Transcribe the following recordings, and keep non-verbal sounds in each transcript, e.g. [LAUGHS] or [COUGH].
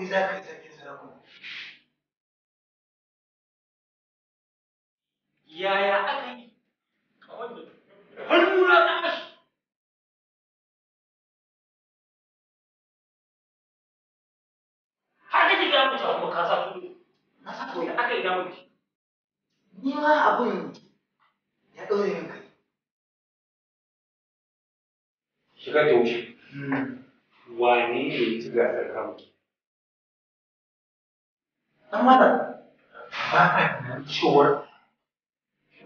kuɗi za ka yi sarkin sarakuna. Yaya aka yi a wannan hannuna ashi? Har kake gaya mace kuma ka sa tudu. Na sa koyi aka yi gaya mace. Ni ma abin ya ɗaure min kai. Shiga da wuce. Hmm. Wane ne ya ci gasar dan malam ba ka tunanin cewar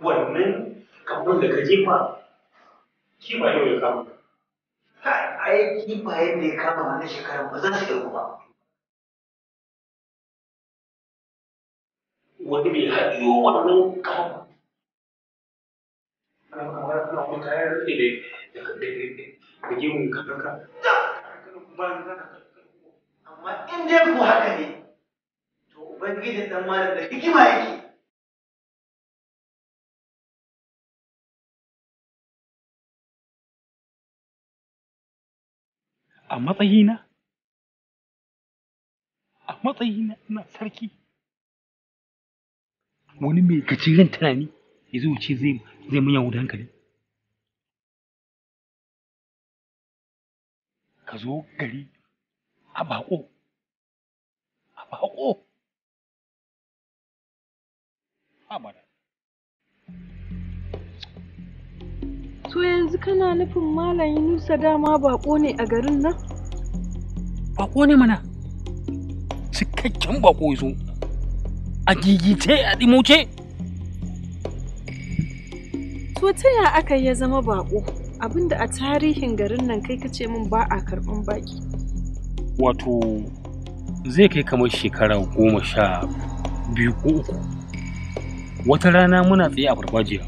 wannan kabon da ka jefa kifa yau ya kama ka ai kifa yadda ya kama wannan shekarar ba za su yi ba wani bai haɗiyo wannan kamar kuma da da amma in dai ku haka ne ubangijin dan malam da hikima yake a matsayina a matsayina ina sarki wani mai ran tunani ya zo ce zai zai mun yawo da hankali ka zo gari a bako a bako abadan to yanzu kana nufin malam Yunusa dama baƙo ne a garin nan Baƙo ne mana cikakken bako zo a gigice a dimuce to ta ya aka ya zama baƙo, abinda a tarihin garin nan kai ka ce min ba a karɓan baƙi. wato zai kai kamar shekara goma sha biyu ko uku wata rana muna tsaye a farfajiya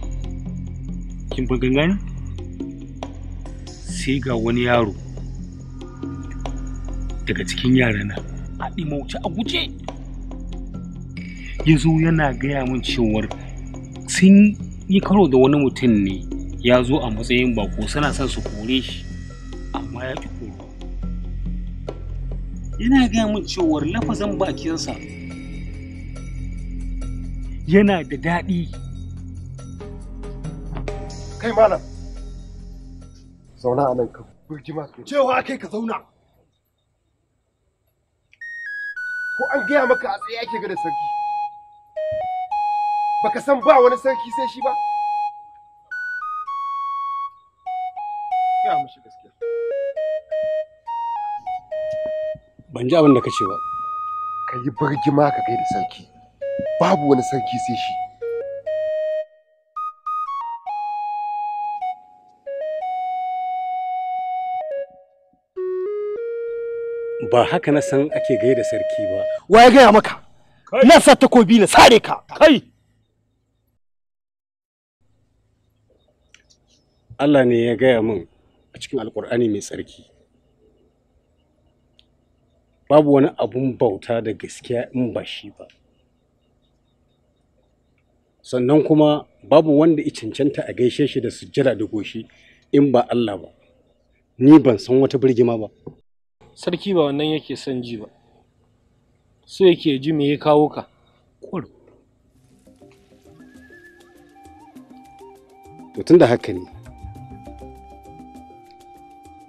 kin fi gangan sai ga wani yaro daga cikin yarana a ɗimauci a guje ya zo yana gaya min cewar sun yi karo da wani mutum ne ya zo a matsayin bako suna son su kore shi amma ya ƙi koro yana gaya min cewar lafazan bakinsa yana da daɗi kai malam zauna a nan kan birgima cewa kai ka zauna ko an gaya maka a tsaye ake gada sarki baka san ba wani sarki sai shi ba gaya mashi gaskiya ban ji abin da ka ce ba ka yi birgima ka gaida sarki babu wani sarki sai shi ba haka na san ake gaida sarki ba wa ya gaya maka na sa takobi na sare ka kai Allah ne ya gaya min a cikin alkur'ani mai tsarki babu wani abun bauta da gaskiya in ba shi ba sannan kuma babu wanda ya cancanta a gaishe shi da sujjada da goshi in ba Allah ba ni ban san wata birgima ba sarki ba wannan yake son ji ba so yake ji me ya kawo ka to tunda haka ne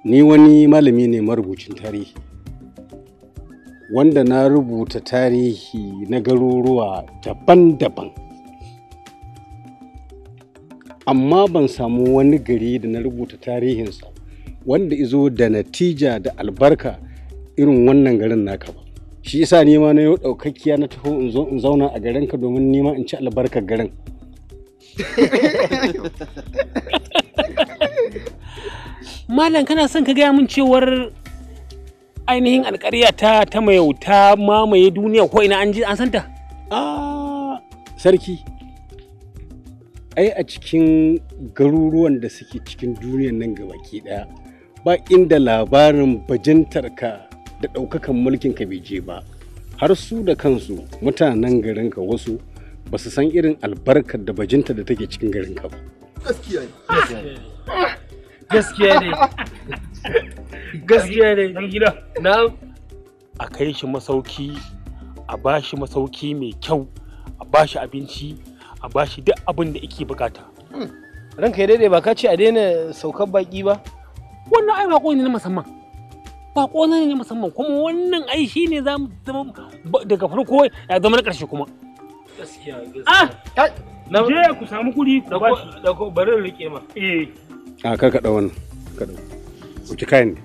ni wani malami ne marubucin tarihi wanda na rubuta tarihi na garuruwa daban-daban amma ban samu wani gari da na rubuta tarihinsa wanda izo da natija da albarka irin wannan garin naka ba shi yasa nema na yau daukakkiya na taho in zo in zauna a garin ka domin nema in ci albarkar garin [LAUGHS] malam kana son ka gaya min cewar ainihin alƙarya ta ta mayauta mamaye duniya ko ina an ji an santa ah, sarki ai a cikin garuruwan da suke cikin duniyan nan gabaki daya ba inda labarin bajintarka da ɗaukakan mulkin ka bai je ba har su da kansu mutanen garin ka wasu ba su san irin albarkar da bajinta da take cikin garin ka ba gaskiya ne gaskiya ne gaskiya ne gida na a kai shi masauki a bashi masauki mai kyau a bashi abinci a bashi duk abin da yake bukata hmm. ranka ya daidai ba ka ce a daina saukar baki ba wannan ai bako ne na musamman bako ne na musamman kuma wannan ai shi ne za mu zama daga farko ya zama na ƙarshe kuma gaskiya gaskiya ah! je ku samu kuɗi ku ba shi da ko bari rike ma eh a ah, kar ka da wannan ka da ku kayan ne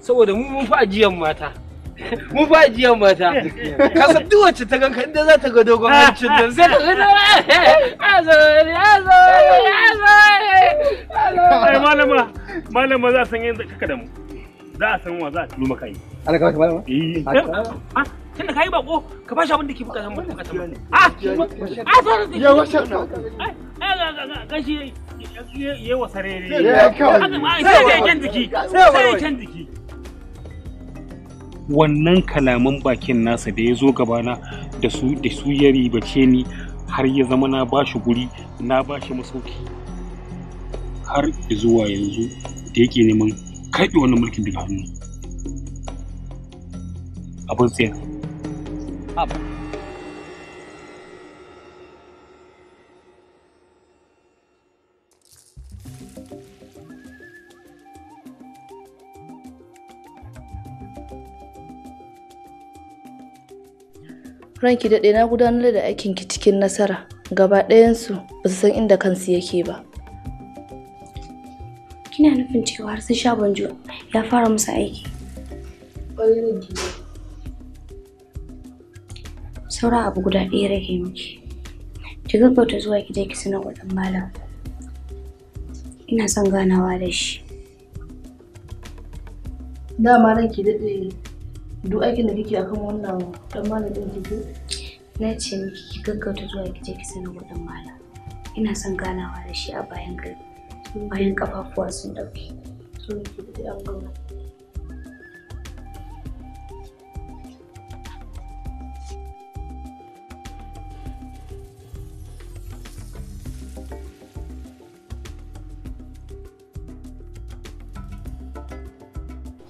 saboda mu mun fi ajiyan mata mu ba jiyan mata kasa duk wacce ta ganka inda za ta ga dogon hancin nan sai ta gano ai malama malama za san yanda kaka da mu za a san wa za a tulo maka yi ana kawai malama eh tunda kai bako ka bashi abin da ke bukata mun bukata mun ah ah sai ya washe ga shi ya wasarere sai ya kan jiki sai ya kan jiki wannan kalaman bakin nasa da ya zo gabana da su da su ya ribace ni har ya zama na ba shi guri na ba shi masauki har zuwa yanzu da yake neman kaɗe wannan mulkin daga hannu abin tsaye ranki daɗe na gudanar da aikinki cikin nasara gaba ɗayansu ba su san inda kansu yake ba kina nufin cewa har sun sha banjo ya fara musu aiki saura abu guda ɗaya rage miki ki gaggauta zuwa ki je ki sanar wa ɗan malam ina son ganawa da shi dama ranki daɗe duk aikin da kike akan wannan dan malam din kike na ce miki ki gaggauta zuwa ki je ki sanar wa dan malam ina son ganawa da shi a bayan gari bayan kafafuwa sun dauke so ki da an gama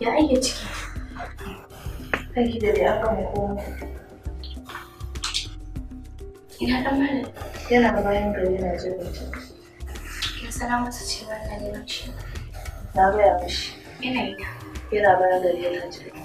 Ya aike ciki. Aiki da dai akan komo. Ina ɗan malam. Yana da bayan gari yana jin mutum. Ya sana masa cewa na neman shi. Na gaya mishi. Yana ina. Yana bayan gari yana jin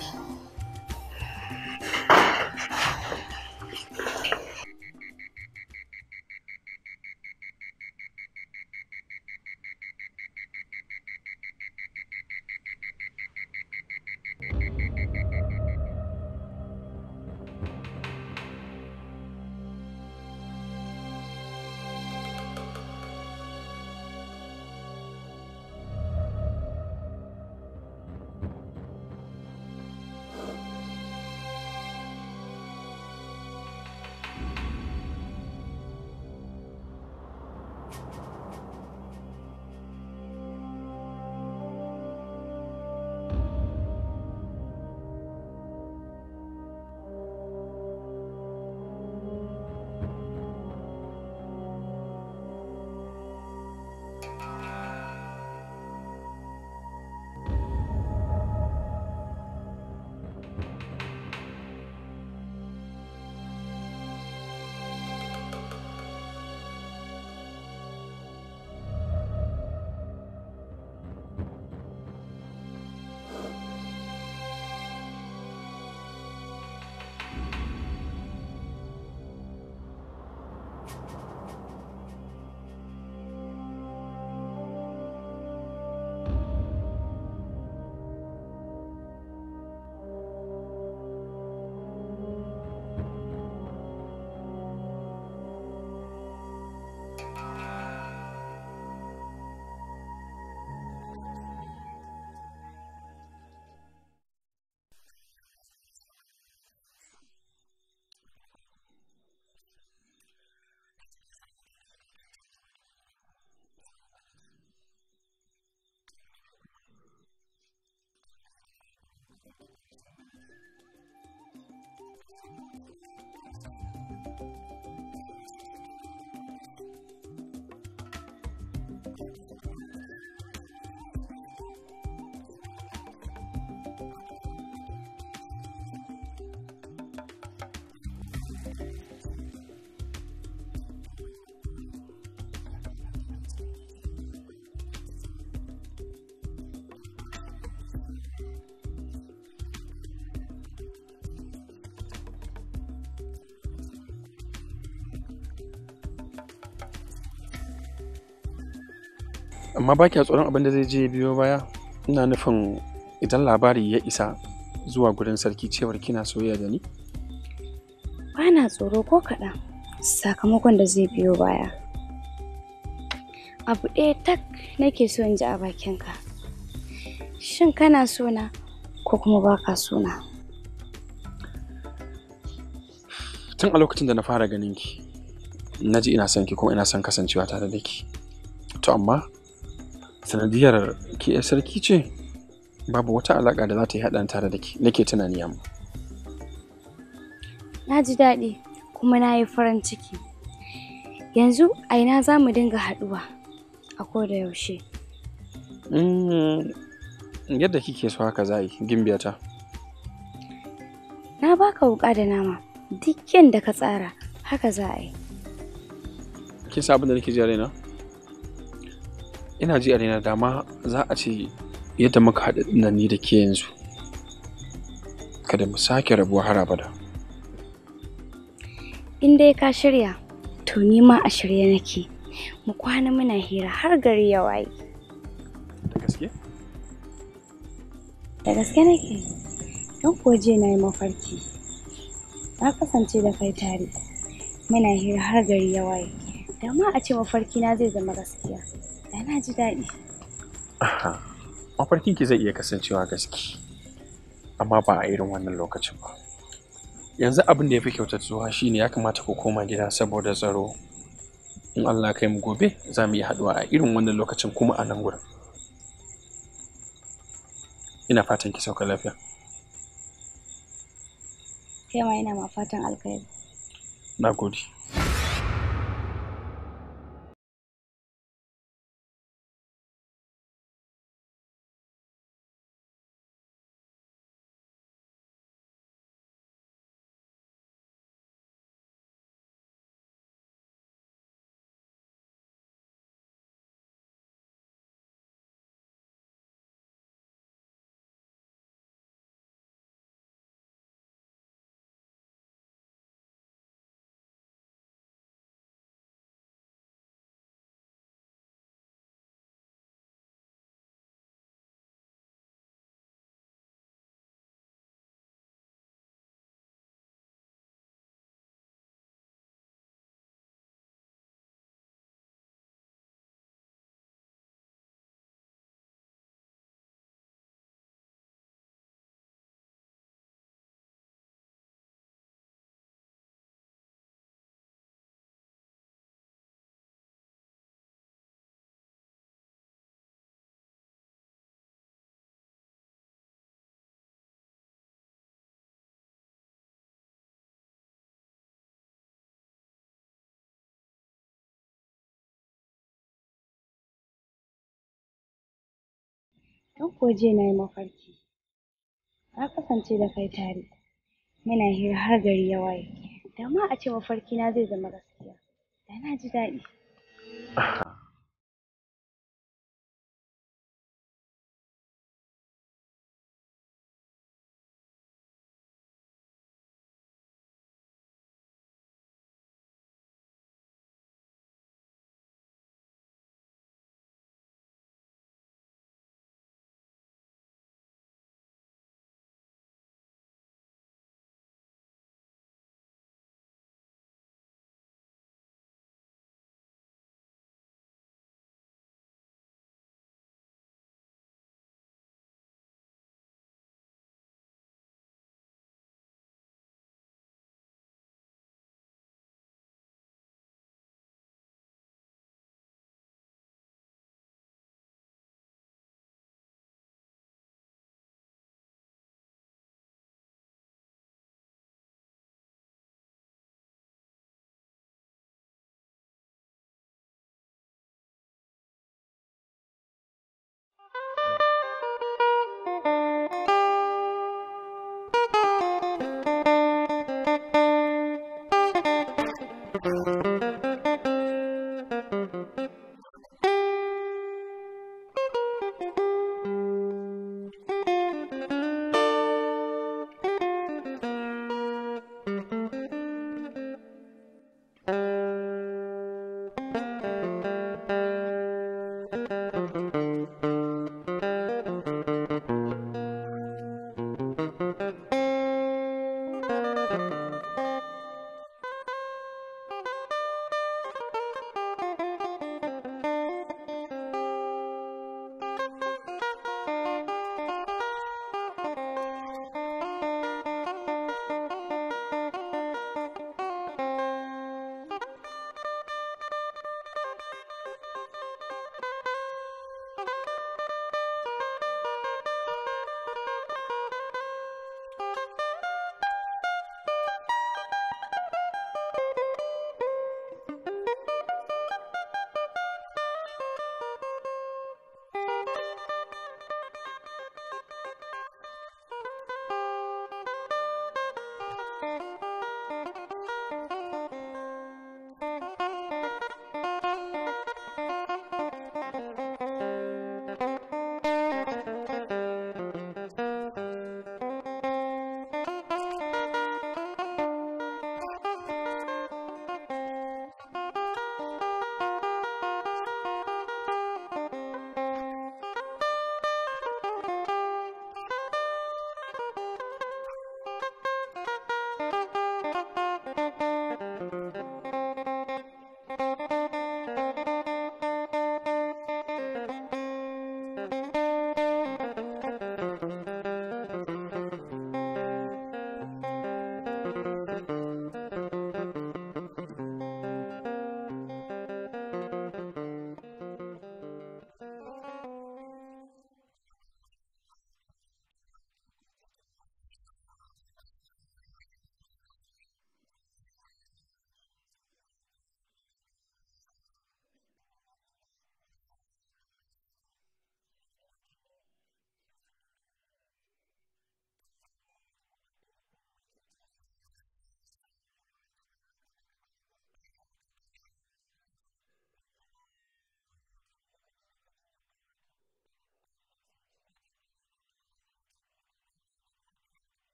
Thank you. amma ba kya tsoron abin da zai je biyo baya ina nufin idan labari ya isa zuwa gurin sarki cewar kina soyayya da ni ba na tsoro ko kaɗan sakamakon da zai biyo baya abu ɗaya tak nake so in ji a bakinka shin kana sona ko kuma ba ka tun a lokacin da na fara ganin ki na ji ina son ki kuma ina son kasancewa tare da ki to amma sanadiyar ke sarki ce babu wata alaƙa da za ta yi haɗa tare da ke nake tunani na ji daɗi kuma na yi farin ciki yanzu a ina za mu dinga haɗuwa a koda yaushe mm, yadda kike so haka za a yi gimbiyata na baka wuƙa da nama duk da ka tsara haka za a yi kin sabon da nake ji raina ina ji a raina dama za a ce yadda muka haɗa nan ni da ke yanzu kada mu sake rabuwa har abada in dai ka shirya to ni ma a shirye nake mu kwana muna hira har gari ya waye da gaske da gaske nake don kuwa jiya na yi mafarki na kasance da kai tare muna hira har gari ya waye da ma a ce mafarki na zai zama gaskiya yana ji daɗi. Mafarkin [LAUGHS] ki zai iya kasancewa gaske, amma ba a irin wannan lokacin ba. Yanzu abin da ya fi kyautatuwa shine ya kamata ku koma gida saboda tsaro. In Allah kai mu gobe za mu yi haɗuwa a irin wannan lokacin kuma a nan gurin. Ina fatan ki sauka lafiya. Kai ma ina ma fatan alkhairi. Na gode. Don kuwa jiya na yi mafarki na kasance da kai tare muna hira har gari ya waye. Da ma a ce mafarkina zai zama gaskiya da na ji daɗi. [LAUGHS]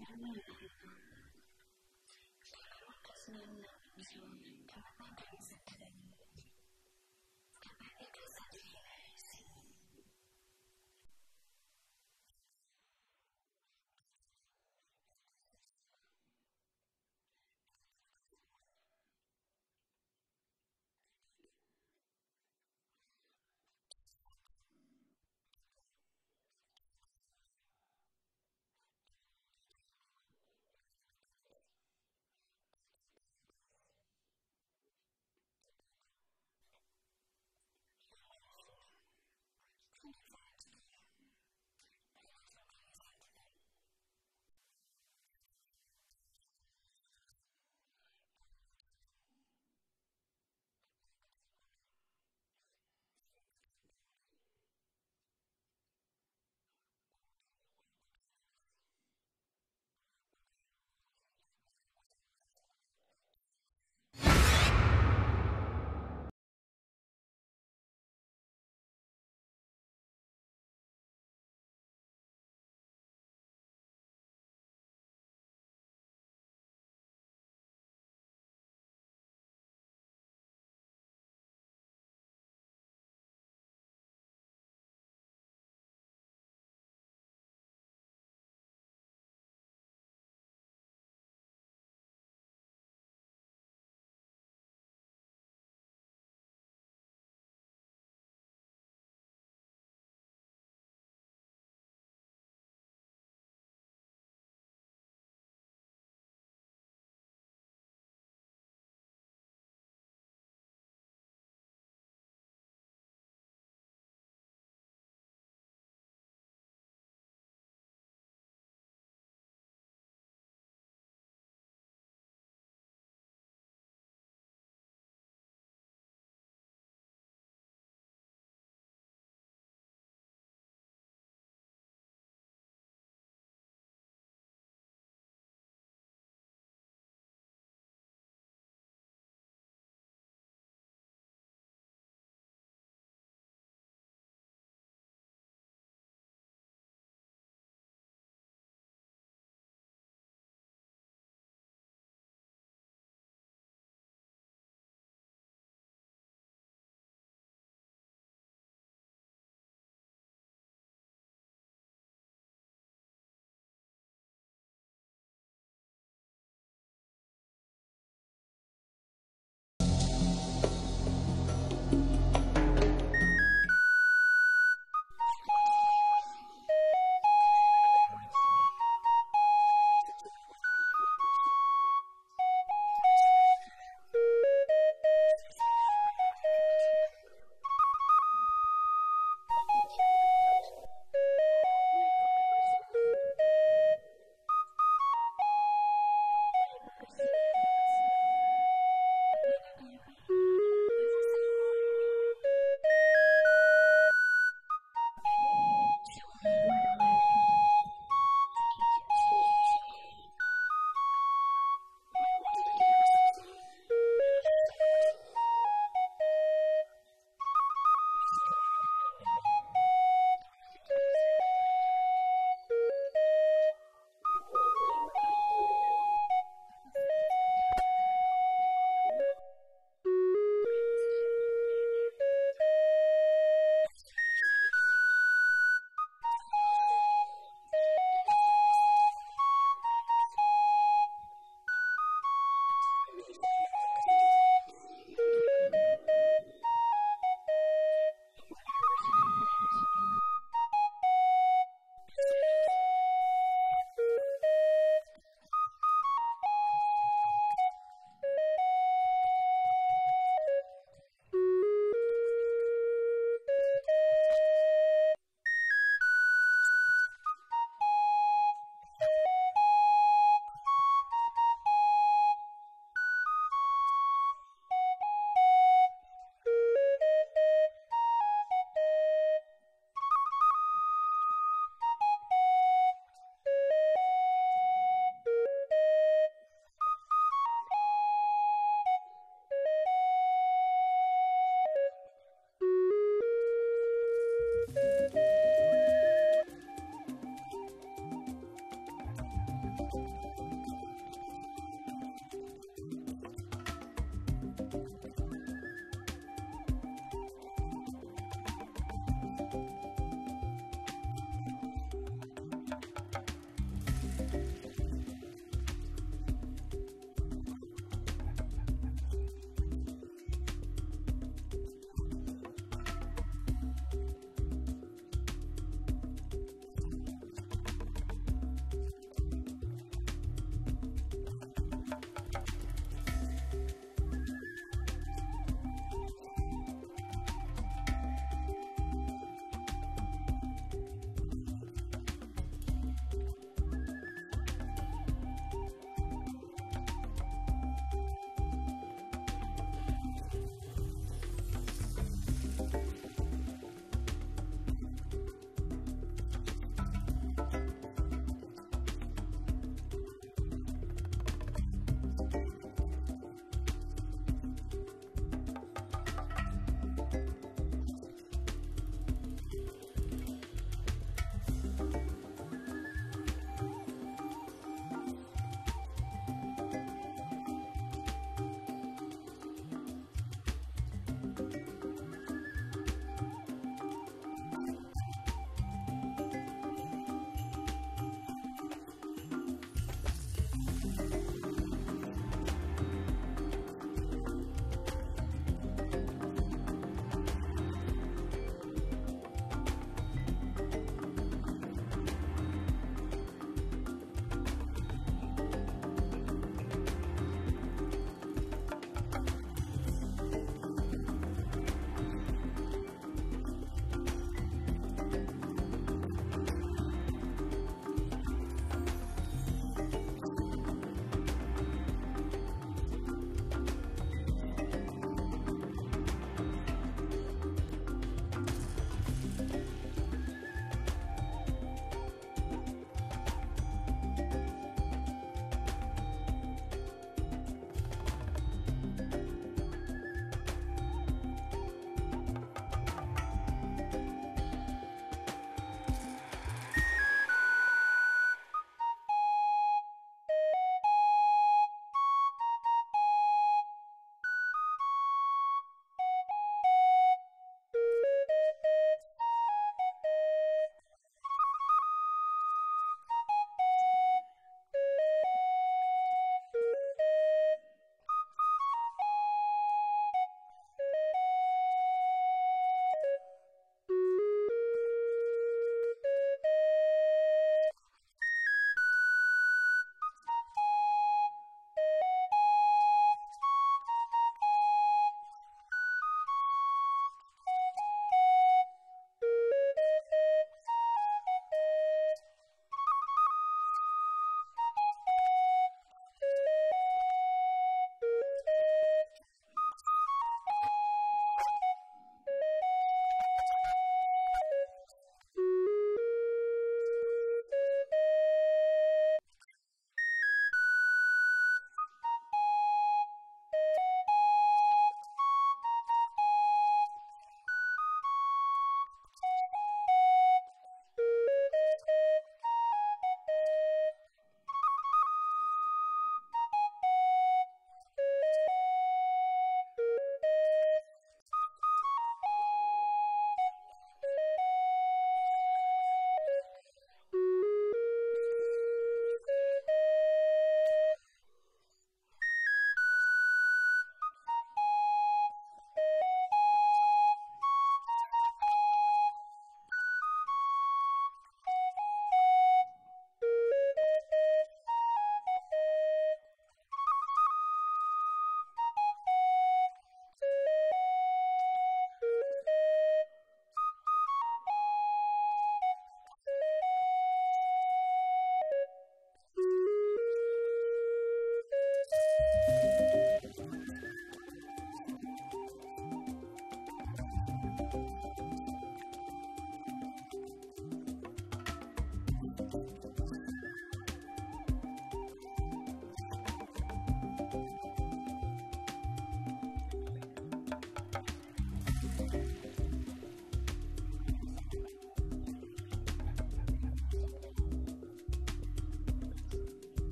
نعم يعني. قسم